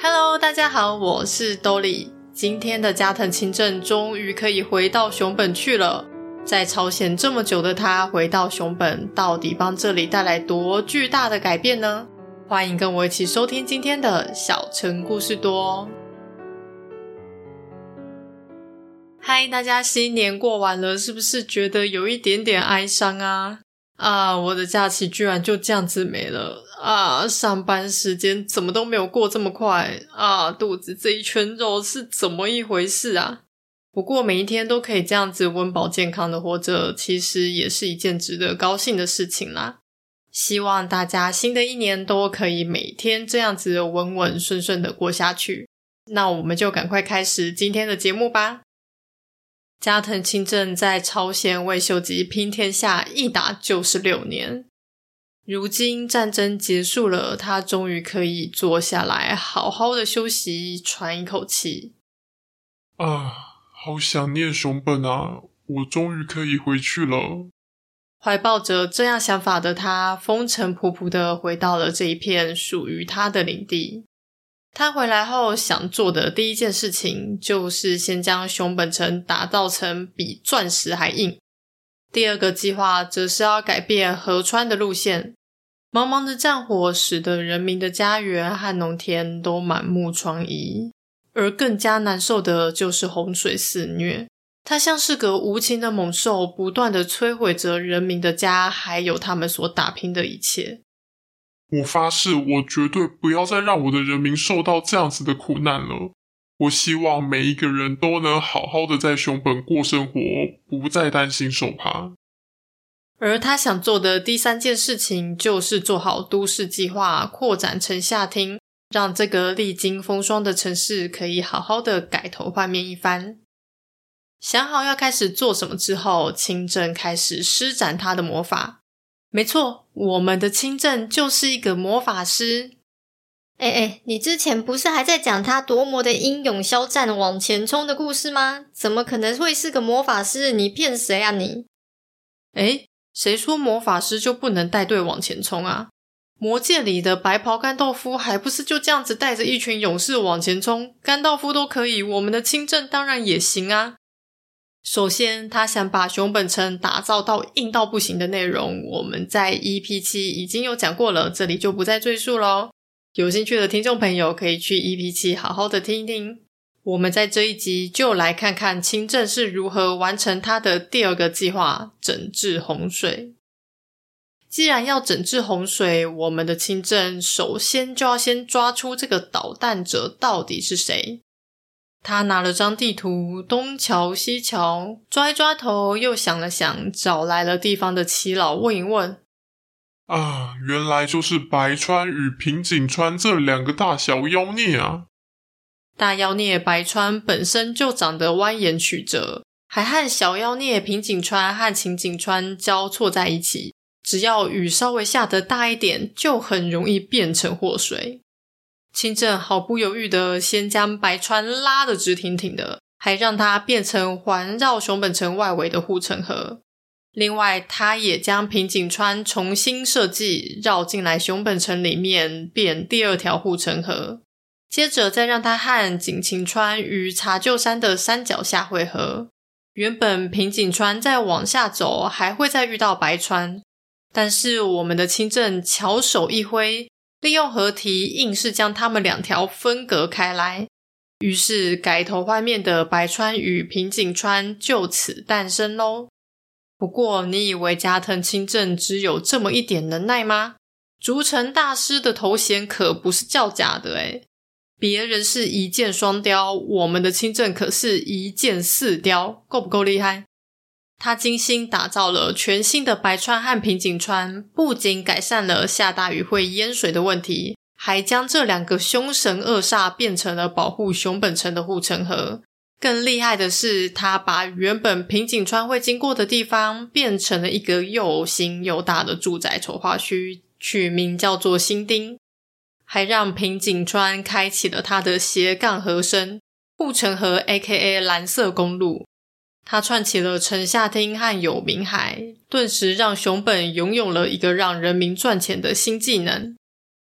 Hello，大家好，我是兜裡。今天的加藤清正終於可以回到熊本去了。在朝鮮這麼久的他，回到熊本到底幫這裡帶來多巨大的改變呢？歡迎跟我一起收聽今天的《小城故事多》。嗨，大家，新年過完了，是不是覺得有一點點哀傷啊？啊，我的假期居然就這樣子沒了啊！上班時間怎麼都沒有過這麼快啊！肚子這一圈肉是怎麼一回事啊？不過每一天都可以這樣子溫飽健康的活着，其實也是一件值得高興的事情啦。希望大家新的一年都可以每天這樣子穩穩順順的過下去。那我們就趕快開始今天的節目吧。加藤清正在朝鮮為秀吉拼天下，一打就是六年。如今戰爭結束了，他終於可以坐下來，好好的休息，喘一口氣。啊，好想念熊本啊！我終於可以回去了。懷抱着這樣想法的他，風塵僕僕的回到了這一片屬於他的領地。他回來後想做的第一件事情就是先將熊本城打造成比鑽石還硬。第二個計劃則是要改變河川的路線。茫茫的戰火使得人民的家園和農田都滿目瘡痍，而更加難受的就是洪水肆虐。它像是個無情的猛獸，不斷的摧毀着人民的家，還有他們所打拼的一切。我發誓，我絕對不要再讓我的人民受到這樣子的苦難了。我希望每一個人都能好好的在熊本過生活，不再擔心受怕。而他想做的第三件事情，就是做好都市計劃，擴展城下町，讓這個歷經風霜的城市可以好好的改頭換面一番。想好要開始做什麼之後，清正開始施展他的魔法。沒錯，我們的清正就是一個魔法師。哎哎，你之前不是還在講他多麽的英勇、驍戰，往前衝的故事嗎？怎麼可能會是個魔法師？你騙誰啊你？哎，誰說魔法師就不能帶隊往前衝啊？魔戒裡的白袍甘道夫還不是就這樣子帶着一群勇士往前衝？甘道夫都可以，我們的清正當然也行啊。首先，他想把熊本城打造到硬到不行的內容，我們在 EP 七已經有講過了，這裡就不再贅述咯。有興趣的聽眾朋友可以去 EP 七好好的聽一聽。我們在這一集就來看看清正是如何完成他的第二個計劃——整治洪水。既然要整治洪水，我們的清正首先就要先抓出這個搗蛋者到底是誰。他拿了張地圖，東瞧西瞧，抓一抓頭，又想了想，找來了地方的耆老問一問。啊，原來就是白川與平井川這兩個大小妖孽啊！大妖孽白川本身就長得蜿蜒曲折，還和小妖孽平井川和晴井川交錯在一起，只要雨稍微下得大一點，就很容易變成禍水。清正毫不猶豫的先將白川拉得直挺挺的，還讓它變成環繞熊本城外圍的護城河。另外，他也將坪井川重新設計，繞進來熊本城裡面，變第二條護城河。接着，再讓他和井芹川於茶臼山的山腳下匯合。原本坪井川再往下走，還會再遇到白川，但是我們的清正巧手一揮。.利用合體，硬是將他們兩條分隔開來。於是改頭換面的白川與平井川就此誕生嘍。不過，你以為加藤清正只有這麼一點能耐嗎？竹城大師的頭銜可不是叫假的誒，別人是一箭雙雕，我們的清正可是一箭四雕，夠不夠厲害？他精心打造了全新的白川和平井川，不僅改善了下大雨會淹水的問題，還將這兩個兇神惡煞變成了保護熊本城的護城河。更厲害的是，他把原本平井川會經過的地方變成了一個又新又大的住宅籌劃區，取名叫做新町，還讓平井川開啟了他的斜槓合身護城河 （A.K.A. 藍色公路）。他串起了城下町和有明海，頓時讓熊本擁有了一個讓人民賺錢的新技能。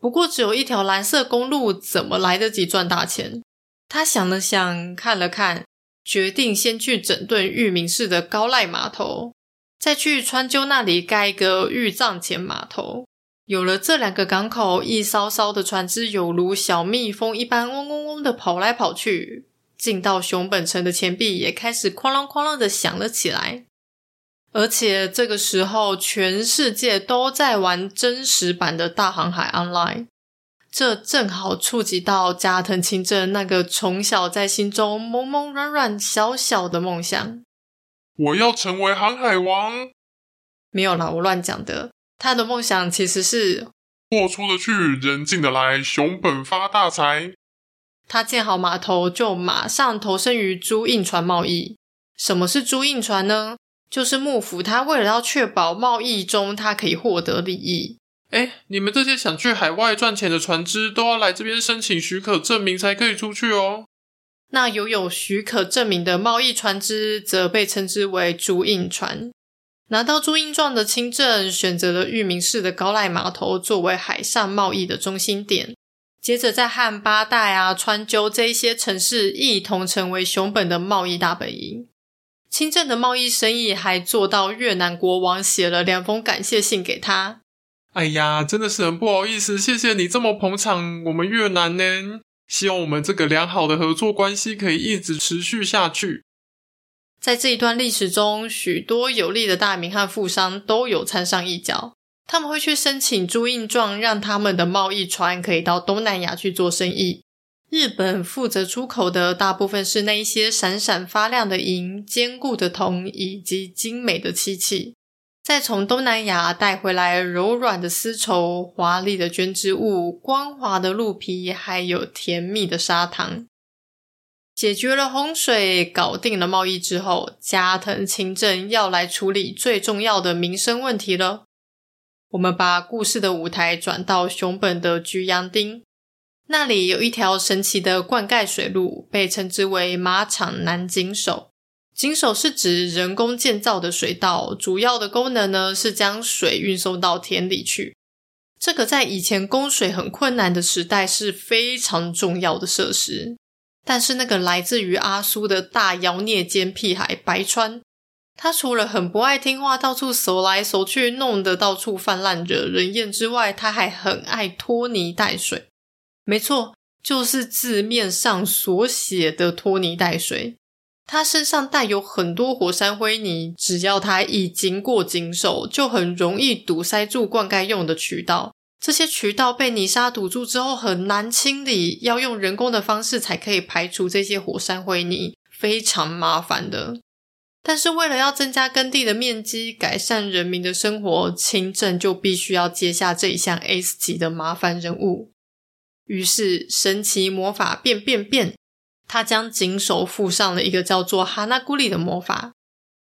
不過，只有一條藍色公路，怎麼來得及賺大錢？他想了想，看了看，決定先去整頓玉名市的高瀨碼頭，再去川鳩那裡蓋一個御藏前碼頭。有了這兩個港口，一艘艘的船只有如小蜜蜂一般嗡嗡嗡的跑來跑去。進到熊本城的錢幣也開始哐啷哐啷的響了起來，而且這個時候全世界都在玩真實版的大航海 Online，這正好觸及到加藤清正那個從小在心中朦朦朧朧、小小的夢想：我要成為航海王。沒有啦，我亂講的。他的夢想其實是貨出得去，人進得來，熊本發大財。他建好碼頭就馬上投身於租印船貿易。什麼是租印船呢？就是幕府他為了要確保貿易中他可以獲得利益。哎，你們這些想去海外賺錢的船只都要來這邊申請許可證明才可以出去哦。那有有許可證明的貿易船只則被稱之為租印船。拿到租印狀的清正選擇了玉名市的高瀨碼頭作為海上貿易的中心點。接着，在漢八代啊、川尻這些城市，一同成為熊本的貿易大本營。清正的貿易生意還做到越南國王寫了兩封感謝信給他。哎呀，真的是很不好意思，謝謝你這麼捧場我們越南呢。希望我們這個良好的合作關係可以一直持續下去。在這一段歷史中，許多有力的大名和富商都有摻上一腳。他們會去申請朱印狀，讓他們的貿易船可以到東南亞去做生意。日本負責出口的大部分是那一些閃閃發亮的銀、堅固的銅以及精美的漆器，再從東南亞帶回來柔軟的絲綢、華麗的絹織物、光滑的鹿皮，還有甜蜜的砂糖。解決了洪水、搞定了貿易之後，加藤清正要來處理最重要的民生問題了。我們把故事的舞台轉到熊本的菊陽町，那裡有一條神奇的灌溉水路，被稱之為馬場南井手。井手是指人工建造的水道，主要的功能呢是將水運送到田裡去。這個在以前供水很困難的時代是非常重要的設施。但是那個來自於阿蘇的大妖孽兼屁孩白川。他除了很不愛聽話，到處搜來搜去，弄得到處泛濫惹人厭之外，他還很愛拖泥帶水。沒錯，就是字面上所寫的拖泥帶水。他身上帶有很多火山灰泥，只要他一經過經手，就很容易堵塞住灌溉用的渠道。這些渠道被泥沙堵住之後，很難清理，要用人工的方式才可以排除這些火山灰泥，非常麻煩的。但是為了要增加耕地的面積，改善人民的生活，清正就必須要接下這一項 S 級的麻煩任務。於是，神奇魔法變變變，他將井手附上了一個叫做哈納古里的魔法。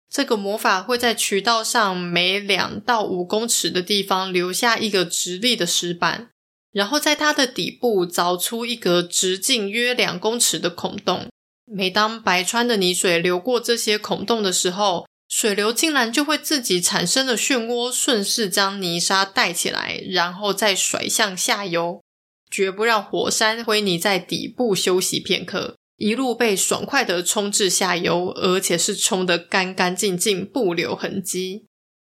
這個魔法會在渠道上每兩到五公尺的地方留下一個直立的石板，然後在它的底部鑿出一個直徑約兩公尺的孔洞。每當白川的泥水流過這些孔洞的時候，水流竟然就會自己產生了漩渦，順勢將泥沙帶起來，然後再甩向下游，絕不讓火山灰泥在底部休息片刻，一路被爽快地沖至下游，而且是沖得乾乾淨淨，不留痕跡。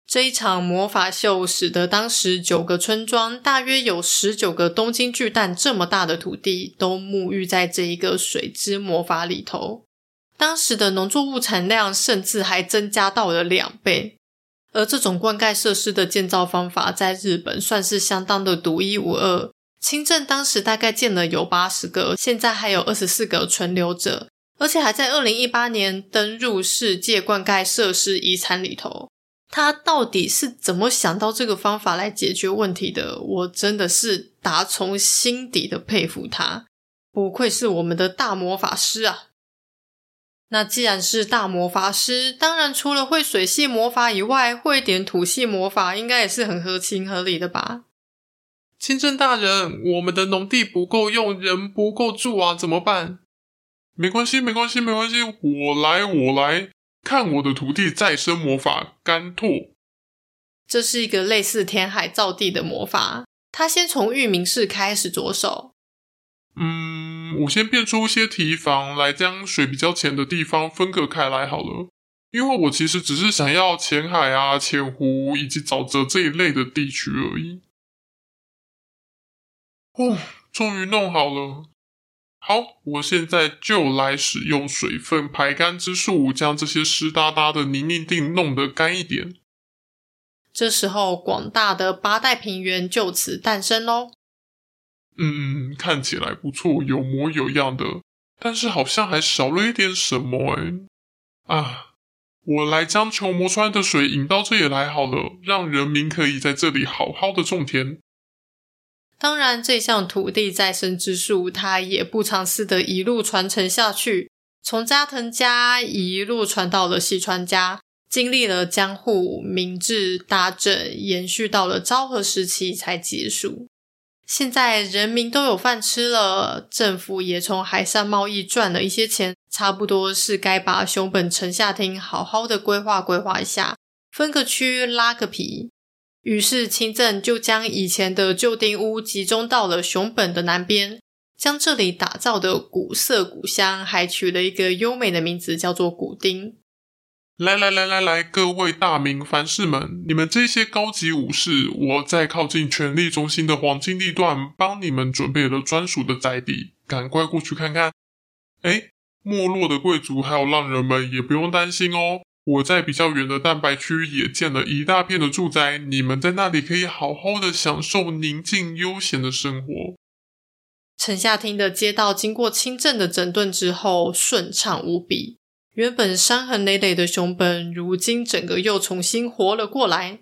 這一場魔法秀使得當時九個村莊，大約有十九個東京巨蛋這麼大的土地，都沐浴在這一個水之魔法裡頭。當時的農作物產量甚至還增加到了兩倍，而這種灌溉設施的建造方法在日本算是相當的獨一無二。清正當時大概建了有八十個，現在還有二十四個存留着，而且還在二零一八年登入世界灌溉設施遺產裡頭。他到底是怎麼想到這個方法來解決問題的？我真的是打從心底的佩服他，不愧是我們的大魔法師啊！那既然是大魔法師，當然除了會水系魔法以外，會點土系魔法應該也是很合情合理的吧？清正大人，我們的農地不夠用，人不夠住啊，怎麼辦？沒關係，沒關係，沒關係，我來，我來。看我的土地再生魔法乾拓，這是一個類似填海造地的魔法。他先從玉名市開始着手。嗯，我先變出一些堤防來將水比較淺的地方分隔開來好了，因為我其實只是想要淺海啊、淺湖以及沼澤這一類的地區而已。哦，終於弄好了。好，我現在就來使用水分排乾之術，將這些濕噠噠的泥濘地弄得乾一點。這時候，廣大的八代平原就此誕生咯。嗯嗯，看起來不錯，有模有樣的，但是好像還少了一點什麼哎。啊，我來將球磨川的水引到這裡來好了，讓人民可以在這裡好好的種田。當然，這項土地再生之術，它也不嘗試的一路傳承下去，從加藤家一路傳到了西川家，經歷了江戶、明治、大正，延續到了昭和時期才結束。現在人民都有飯吃了，政府也從海上貿易賺了一些錢，差不多是該把熊本城下町好好的規劃規劃一下，分個區，拉個皮。於是清正就將以前的舊町屋集中到了熊本的南邊，將這裡打造的古色古香，還取了一個優美的名字，叫做古町。來來來來來，各位大名、藩士們，你們這些高級武士，我在靠近權力中心的黃金地段幫你們準備了專屬的宅邸，趕快過去看看。哎，沒落的貴族還有浪人們也不用擔心哦。我在比較遠的蛋白區也建了一大片的住宅，你們在那裡可以好好的享受寧靜悠閒的生活。城下町的街道經過清正的整頓之後，順暢無比。原本傷痕累累的熊本，如今整個又重新活了過來。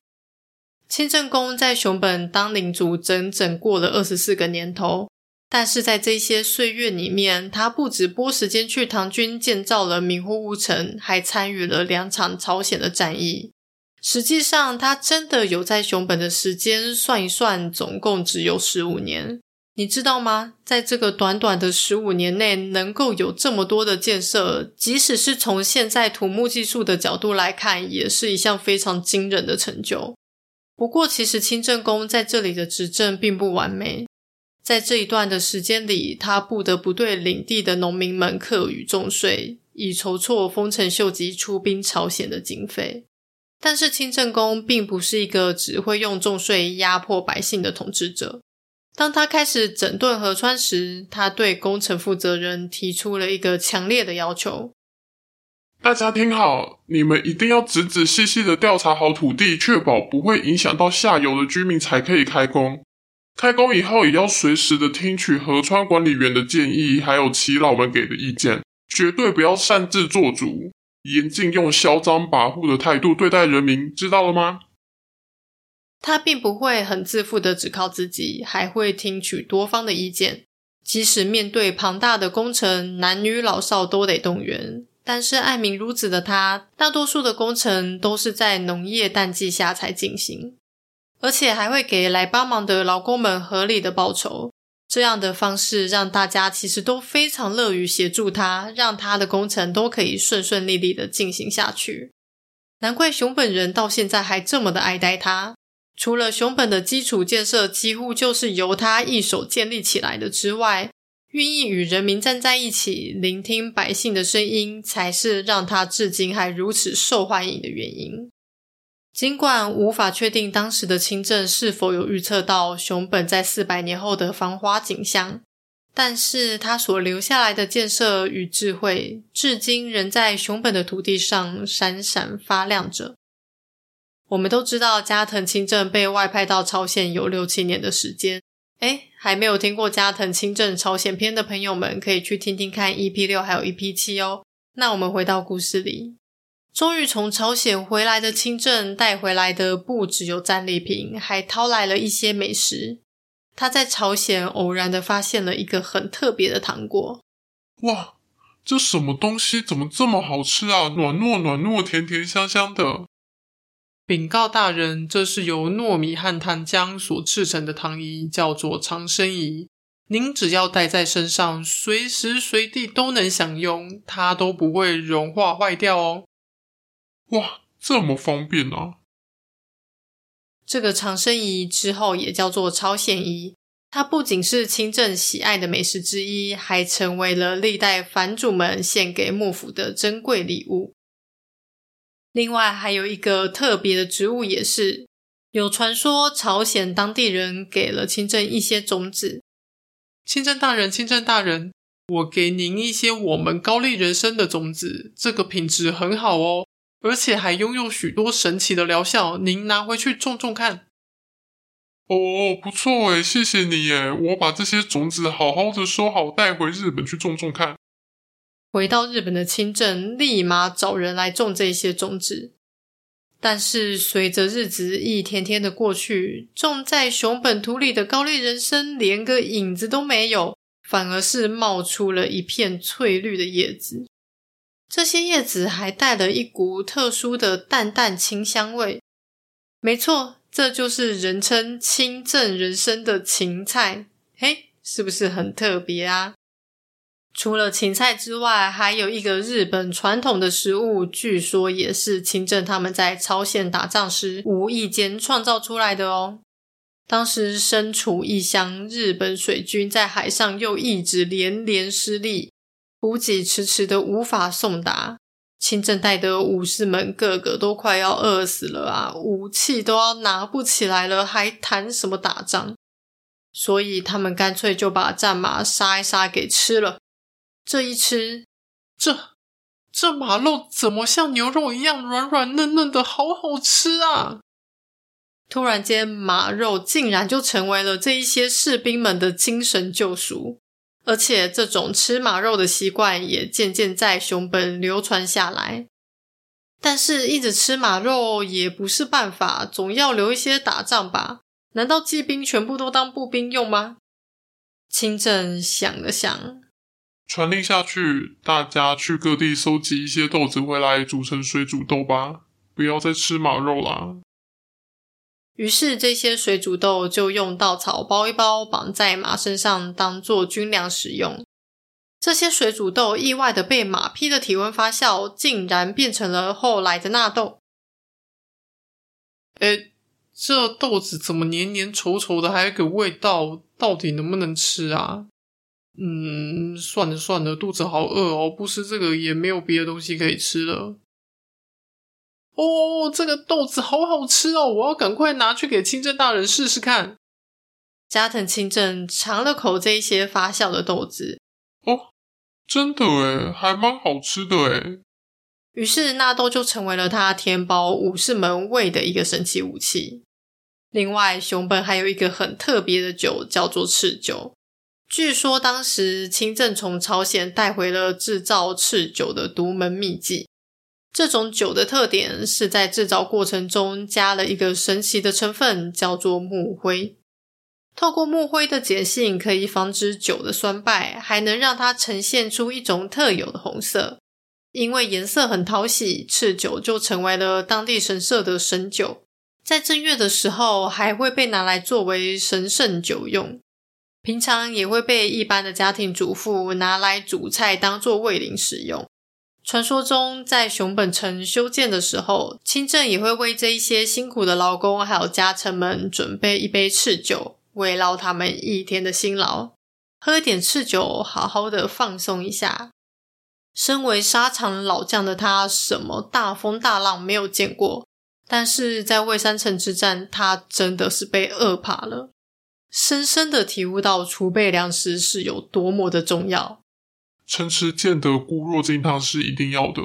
清正公在熊本當領主整整過了二十四個年頭。但是在這些歲月裡面，他不止撥時間去唐軍建造了名護屋城，還參與了兩場朝鮮的戰役。實際上，他真的有在熊本的時間，算一算，總共只有十五年。你知道嗎？在這個短短的十五年內，能夠有這麼多的建設，即使是從現在土木技術的角度來看，也是一項非常驚人的成就。不過，其實清正公在這裡的執政並不完美。在這一段的時間裡，他不得不對領地的農民們課與重稅，以籌措豐臣秀吉出兵朝鮮的經費。但是，清正公並不是一個只會用重稅壓迫百姓的統治者。當他開始整頓河川時，他對工程負責人提出了一個強烈的要求：大家聽好，你們一定要仔仔細細的調查好土地，確保不會影響到下游的居民，才可以開工。開工以後也要隨時的聽取河川管理員的建議，還有耆老們給的意見，絕對不要擅自做主，嚴禁用囂張跋扈的態度對待人民，知道了嗎？他並不會很自負的只靠自己，還會聽取多方的意見。即使面對龐大的工程，男女老少都得動員。但是愛民如子的他，大多數的工程都是在農業淡季下才進行。而且還會給來幫忙的勞工們合理的報酬，這樣的方式讓大家其實都非常樂於協助他，讓他的工程都可以順順利利的進行下去。難怪熊本人到現在還這麼的愛戴他，除了熊本的基礎建設幾乎就是由他一手建立起來的之外，願意與人民站在一起，聆聽百姓的聲音，才是讓他至今還如此受歡迎的原因。儘管無法確定當時的清正是否有預測到熊本在四百年後的繁華景象，但是他所留下來的建設與智慧，至今仍在熊本的土地上閃閃發亮着。我們都知道，加藤清正被外派到朝鮮有六七年的時間。誒，還沒有聽過加藤清正朝鮮篇的朋友們，可以去聽聽看 EP 六還有 EP 七哦。那我們回到故事裡。終於從朝鮮回來的清正帶回來的不只有戰利品，還掏來了一些美食。他在朝鮮偶然地發現了一個很特別的糖果。哇，這什麼東西怎麼這麼好吃啊？軟糯軟糯，甜甜香香的。稟告大人，這是由糯米和糖漿所製成的糖衣，叫做長生衣。您只要帶在身上，隨時隨地都能享用，它都不會融化壞掉哦。哇，這麼方便啊！這個長生飴之後也叫做朝鮮飴，它不僅是清正喜愛的美食之一，還成為了歷代藩主們獻給幕府的珍貴禮物。另外，還有一個特別的植物，也是有傳說，朝鮮當地人給了清正一些種子。清正大人，清正大人，我給您一些我們高麗人參的種子，這個品質很好哦。而且還擁有許多神奇的療效，您拿回去種種看。哦，oh, 不錯誒，謝謝你耶。我把這些種子好好的收好，帶回日本去種種看。回到日本的清正，立馬找人來種這些種子。但是隨着日子一天天的過去，種在熊本土裡的高麗人參連個影子都沒有，反而是冒出了一片翠綠的葉子。這些葉子還帶了一股特殊的淡淡清香味，沒錯，這就是人稱「清正人參」的芹菜。嘿，是不是很特別啊？除了芹菜之外，還有一個日本傳統的食物，據說也是清正他們在朝鮮打仗時無意間創造出來的哦。當時身處異鄉，日本水軍在海上又一直連連失利。補給遲遲的無法送達，清正帶的武士們個個都快要餓死了啊！武器都要拿不起來了，還談什麼打仗？所以他們乾脆就把戰馬殺一殺給吃了。這一吃，這這馬肉怎麼像牛肉一樣軟軟嫩嫩的，好好吃啊！突然間，馬肉竟然就成為了這一些士兵們的精神救贖。而且這種吃馬肉的習慣也漸漸在熊本流傳下來。但是，一直吃馬肉也不是辦法，總要留一些打仗吧？難道騎兵全部都當步兵用嗎？清正想了想，傳令下去，大家去各地收集一些豆子回來，煮成水煮豆吧，不要再吃馬肉啦。於是這些水煮豆就用稻草包一包，綁在馬身上，當做軍糧使用。這些水煮豆意外的被馬匹的體溫發酵，竟然變成了後來的納豆。哎、欸，這豆子怎麼黏黏稠稠的，還有一個味道，到底能不能吃啊？嗯，算了算了，肚子好餓哦，不吃這個也沒有別的東西可以吃了。哦，這個豆子好好吃哦！我要趕快拿去給清正大人試試看。加藤清正嚐了口這一些發酵的豆子，哦，真的誒，還蠻好吃的誒。於是納豆就成為了他填飽武士們胃的一個神奇武器。另外，熊本還有一個很特別的酒，叫做赤酒。據說當時清正從朝鮮帶回了製造赤酒的獨門祕技。這種酒的特點是在制造過程中加了一個神奇的成分，叫做木灰。透過木灰的鹼性，可以防止酒的酸敗，還能讓它呈現出一種特有的紅色。因為顏色很討喜，赤酒就成為了當地神社的神酒。在正月的時候，還會被拿來作為神聖酒用。平常也會被一般的家庭主婦拿來煮菜，當做味淋使用。傳說中，在熊本城修建的時候，清正也會為這一些辛苦的勞工還有家臣們準備一杯赤酒，慰勞他們一天的辛勞。喝一點赤酒，好好的放鬆一下。身為沙場老將的他，什麼大風大浪沒有見過？但是在蔚山城之戰，他真的是被餓怕了，深深的體悟到儲備糧食是有多麼的重要。城池建得固若金湯是一定要的，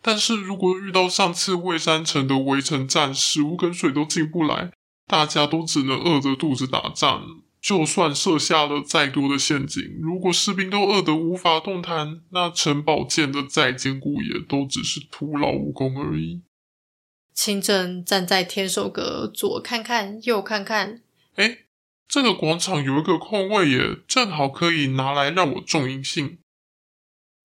但是如果遇到上次蔚山城的圍城戰，食物跟水都進不來，大家都只能餓着肚子打仗。就算設下了再多的陷阱，如果士兵都餓得無法動彈，那城堡建得再堅固，也都只是徒勞無功而已。清正站在天守閣，左看看，右看看，哎、欸，這個廣場有一個空位耶，正好可以拿來讓我種銀杏。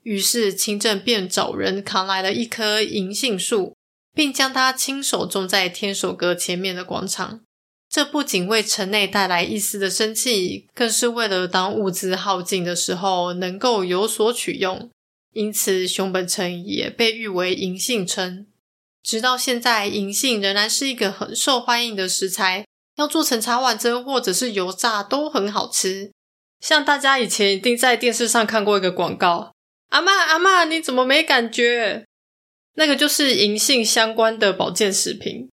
於是清正便找人扛來了一棵銀杏樹，並將它親手種在天守閣前面的廣場。這不僅為城內帶來一絲的生氣，更是為了當物資耗盡的時候能夠有所取用。因此，熊本城也被譽為“銀杏城”。直到現在，銀杏仍然是一個很受歡迎的食材，要做成茶碗蒸或者是油炸都很好吃。像大家以前一定在電視上看過一個廣告。阿嬤，阿嬤，你怎麼沒感覺？那個就是銀杏相關的保健食品，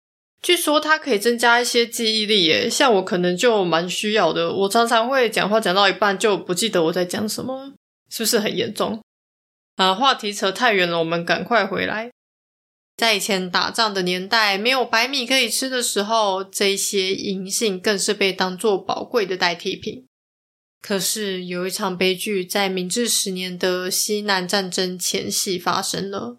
據說它可以增加一些記憶力耶。像我可能就蠻需要的，我常常會講話講到一半就不記得我在講什麼，是不是很嚴重？啊，話題扯太遠了，我們趕快回來。在以前打仗的年代，沒有白米可以吃的時候，這些銀杏更是被當做寶貴的代替品。可是，有一場悲劇在明治十年的西南戰爭前夕發生了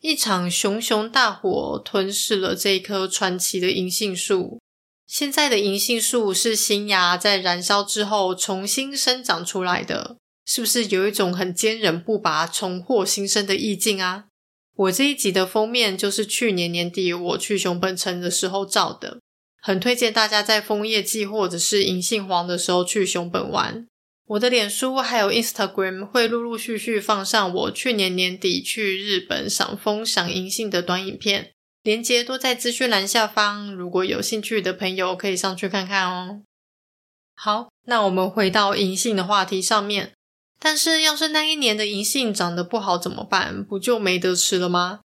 一場熊熊大火，吞噬了這一棵傳奇的銀杏樹。現在的銀杏樹是新芽在燃燒之後重新生長出來的，是不是有一種很堅韌不拔、重獲新生的意境啊？我這一集的封面就是去年年底我去熊本城的時候照的。很推薦大家在楓葉季或者是銀杏黃的時候去熊本玩。我的臉書還有 Instagram 會陸陸續續放上我去年年底去日本賞楓、賞銀杏的短影片，鏈接都在資訊欄下方。如果有興趣的朋友可以上去看看哦。好，那我們回到銀杏的話題上面。但是要是那一年的銀杏長得不好怎麼辦？不就沒得吃了嗎？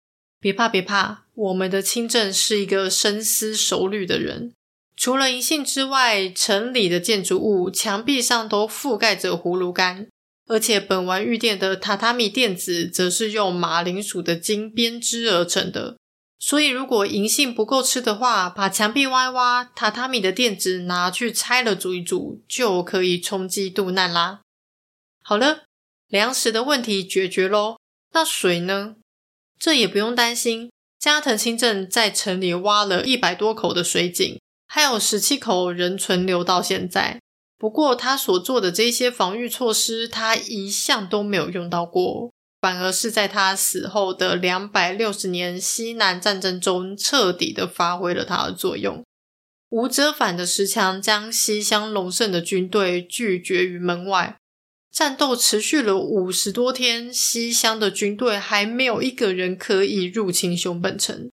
別怕，怕，別怕。我們的清正是一個深思熟慮的人。除了銀杏之外，城裡的建築物牆壁上都覆蓋着葫蘆乾，而且本丸御殿的榻榻米墊子則是用馬鈴薯的莖編織而成的。所以，如果銀杏不夠吃的話，把牆壁挖一挖，榻榻米的墊子拿去拆了煮一煮，就可以充飢度難啦。好了，糧食的問題解決嘍。那水呢？這也不用擔心。加藤清正在城裡挖了一百多口的水井，還有十七口仍存留到現在。不過，他所做的這些防禦措施，他一向都沒有用到過，反而是在他死後的兩百六十年西南戰爭中，徹底的發揮了它的作用。武者返的石牆將西鄉隆盛的軍隊拒絕於門外。戰鬥持續了五十多天，西鄉的軍隊還沒有一個人可以入侵熊本城。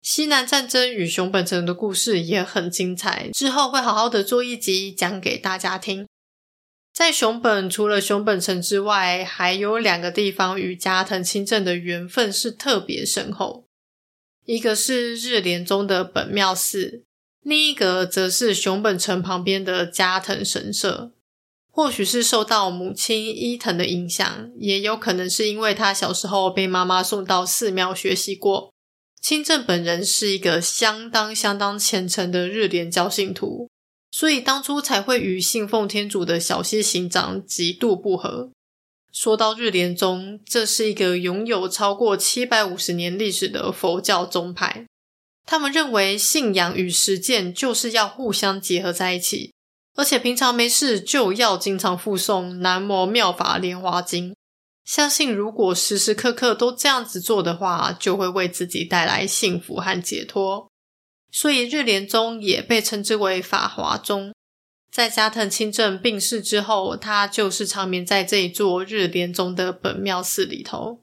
西南戰爭與熊本城的故事也很精彩，之後會好好的做一集講給大家聽。在熊本，除了熊本城之外，還有兩個地方與加藤清正的緣分是特別深厚，一個是日蓮宗的本妙寺，另一個則是熊本城旁邊的加藤神社。或許是受到母親伊藤的影響，也有可能是因為他小時候被媽媽送到寺廟學習過。清正本人是一個相當相當虔誠的日蓮教信徒，所以當初才會與信奉天主的小西行長極度不和。說到日蓮宗，這是一個擁有超過七百五十年歷史的佛教宗派，他們認為信仰與實踐就是要互相結合在一起。而且平常沒事就要經常複誦《南無妙法蓮花經》，相信如果時時刻刻都這樣子做的話，就會為自己帶來幸福和解脫。所以日蓮宗也被稱之為法華宗。在加藤清正病逝之後，他就是長眠在這一座日蓮宗的本廟寺裡頭。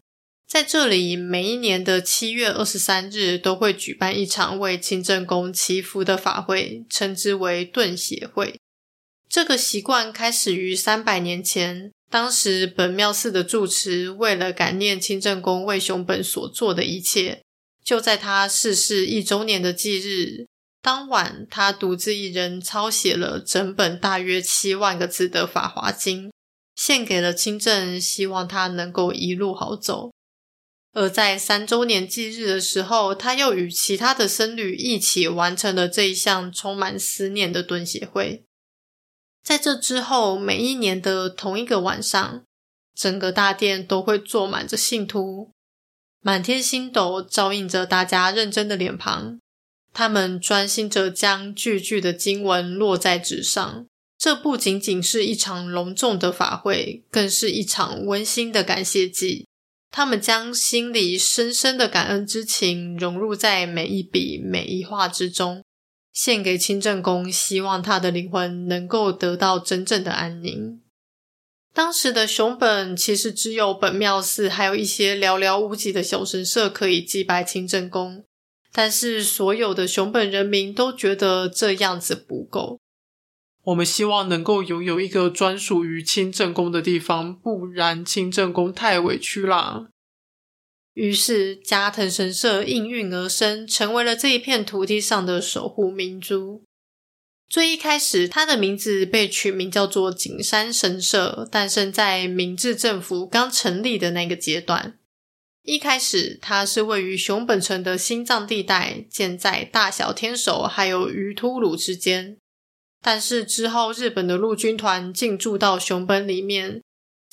在這裡，每一年的七月二十三日都會舉辦一場為清正公祈福的法會，稱之為頓寫會。這個習慣開始於三百年前，當時本妙寺的住持為了感念清正公為熊本所做的一切，就在他逝世，世一周年的忌日當晚，他獨自一人抄寫了整本大約七萬個字的《法華經》，獻給了清正，希望他能夠一路好走。而在三周年忌日的時候，他又與其他的僧侶一起完成了這一項充滿思念的頓寫會。在這之後，每一年的同一個晚上，整個大殿都會坐滿着信徒。滿天星斗照映着大家認真的臉龐，他們專心着將句句的經文落在紙上。這不僅僅是一場隆重的法會，更是一場溫馨的感謝祭。他們將心裡深深的感恩之情融入在每一筆每一畫之中。獻給清正公，希望他的靈魂能夠得到真正的安寧。當時的熊本其實只有本妙寺，還有一些寥寥無幾的小神社可以祭拜清正公，但是所有的熊本人民都覺得這樣子不夠。我們希望能夠擁有一個專屬於清正公的地方，不然清正公太委屈啦。於是，加藤神社應運而生，成為了這一片土地上的守護明珠。最一開始，它的名字被取名叫做錦山神社，誕生在明治政府剛成立的那個階段。一開始，它是位於熊本城的心臟地帶，建在大小天守還有宇土櫓之間。但是之後，日本的陸軍團進駐到熊本裡面。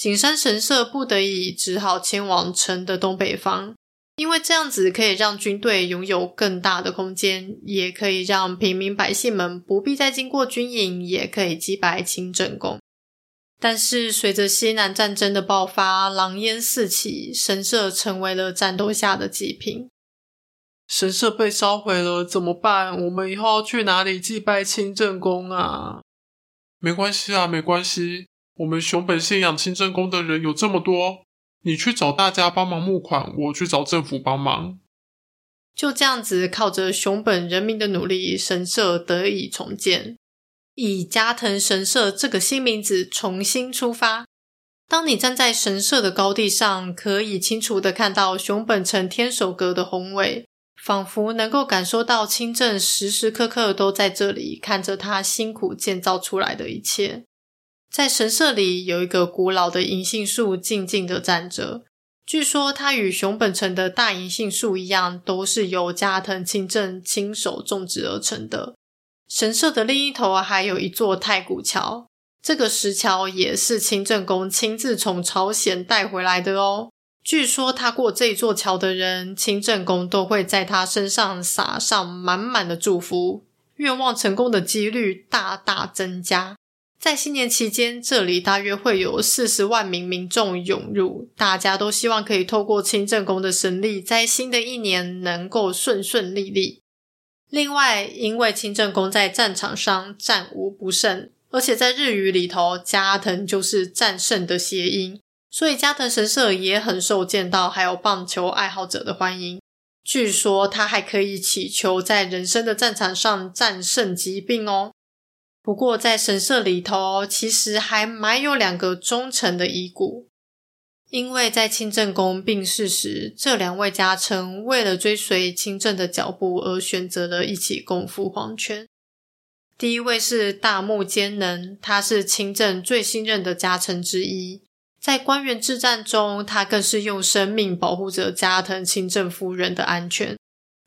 景山神社不得已只好遷往城的東北方，因為這樣子可以讓軍隊擁有更大的空間，也可以讓平民百姓們不必再經過軍營，也可以祭拜清正宮。但是隨着西南戰爭的爆發，狼煙四起，神社成為了戰鬥下的祭品。神社被燒毀了，怎麼辦？我們以後要去哪裡祭拜清正宮啊，啊？沒關係啊，沒關係。我們熊本信仰清正公的人有這麼多，你去找大家幫忙募款，我去找政府幫忙。就這樣子靠着熊本人民的努力，神社得以重建，以加藤神社這個新名字重新出發。當你站在神社的高地上，可以清楚的看到熊本城天守閣的宏偉，仿佛能夠感受到清正時時刻刻都在這裡看着他辛苦建造出來的一切。在神社裡有一個古老的銀杏樹，靜靜地站着。據說它與熊本城的大銀杏樹一樣，都是由加藤清正親手種植而成的。神社的另一頭還有一座太古橋，這個石橋也是清正宮親自從朝鮮帶回來的哦。據說踏過這座橋的人，清正宮都會在他身上灑上滿滿的祝福，願望成功的幾率大大增加。在新年期間，這裡大約會有四十萬名民眾湧入，大家都希望可以透過清正公的神力，在新的一年能夠順順利利。另外，因為清正公在戰場上戰無不勝，而且在日語裡頭“加藤”就是“戰勝”的諧音，所以加藤神社也很受劍道還有棒球愛好者的歡迎。據說，他還可以祈求在人生的戰場上戰勝疾病哦。不過，在神社裡頭，其實還埋有兩個忠臣的遺骨。因為在清正公病逝時，這兩位家臣為了追隨清正的腳步而選擇了一起共赴黃泉。第一位是大木兼能，他是清正最信任的家臣之一。在關原之戰中，他更是用生命保護着加藤清正夫人的安全。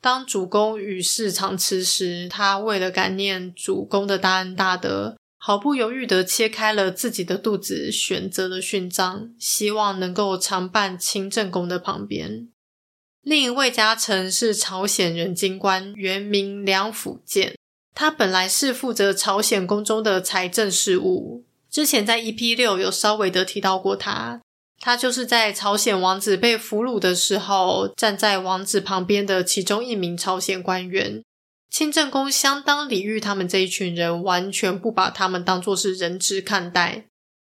當主公與世長辭時，他為了感念主公的大恩大德，毫不猶豫地切開了自己的肚子，選擇了殉葬，希望能夠常伴清正公的旁邊。另一位家臣是朝鮮人，京官，原名梁輔建，他本來是負責朝鮮宮中的財政事務，之前在 EP 六有稍微的提到過他。他就是在朝鮮王子被俘虜的時候，站在王子旁邊的其中一名朝鮮官員。清正公相當禮遇他們這一群人，完全不把他們當作是人質看待，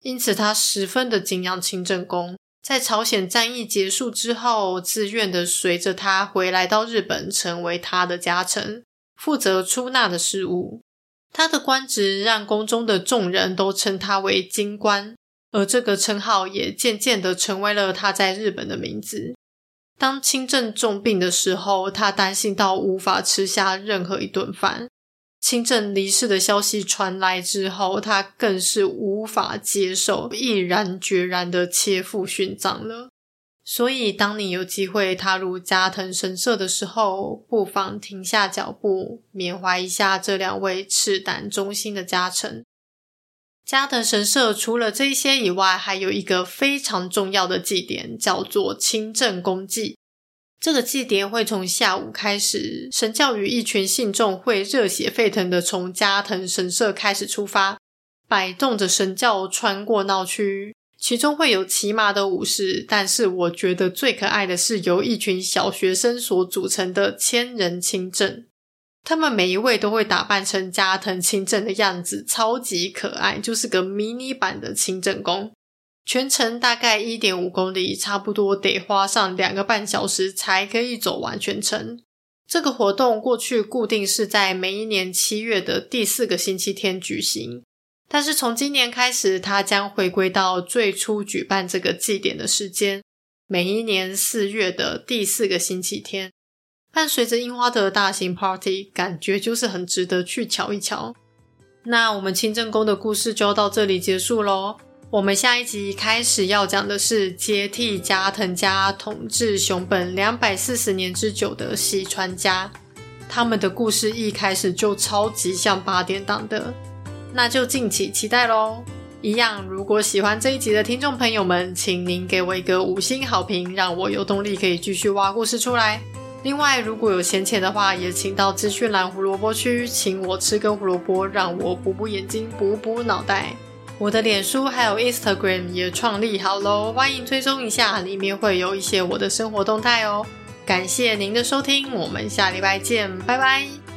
因此他十分的敬仰清正公。在朝鮮戰役結束之後，自願的隨着他回來到日本，成為他的家臣，負責出納的事務。他的官職讓宮中的眾人都稱他為金官。而這個稱號也漸漸地成為了他在日本的名字。當清正重病的時候，他擔心到無法吃下任何一頓飯。清正離世的消息傳來之後，他更是無法接受，毅然決然的切腹殉葬了。所以，當你有機會踏入加藤神社的時候，不妨停下腳步，緬懷一下這兩位赤膽忠心的家臣。加藤神社除了這一些以外，還有一個非常重要的祭典，叫做“清正公祭”。這個祭典會從下午開始，神轎與一群信眾會熱血沸騰地從加藤神社開始出發，擺動着神轎穿過鬧區，其中會有騎馬的武士，但是我覺得最可愛的是由一群小學生所組成的千人清正。他們每一位都會打扮成加藤清正的樣子，超級可愛，就是個迷你版的清正公。全程大概一點五公里，差不多得花上兩個半小時才可以走完全程。這個活動過去固定是在每一年七月的第四個星期天舉行，但是從今年開始，它將回歸到最初舉辦這個祭典的時間，每一年四月的第四個星期天。伴隨着櫻花的大型 party，感覺就是很值得去瞧一瞧。那我們清正宮的故事就到這裡結束嘍。我們下一集開始要講的是接替加藤家統治熊本兩百四十年之久的細川家，他們的故事一開始就超級像八點檔的，那就敬請期待嘍。一樣，如果喜歡這一集的聽眾朋友們，請您給我一個五星好評，讓我有動力可以繼續挖故事出來。另外，如果有閒錢的話，也請到資訊欄胡蘿蔔區，請我吃根胡蘿蔔，讓我補補眼睛，補補腦袋。我的臉書還有 Instagram 也創立好嘍，歡迎追蹤一下，裡面會有一些我的生活動態哦。感謝您的收聽，我們下禮拜見，拜拜。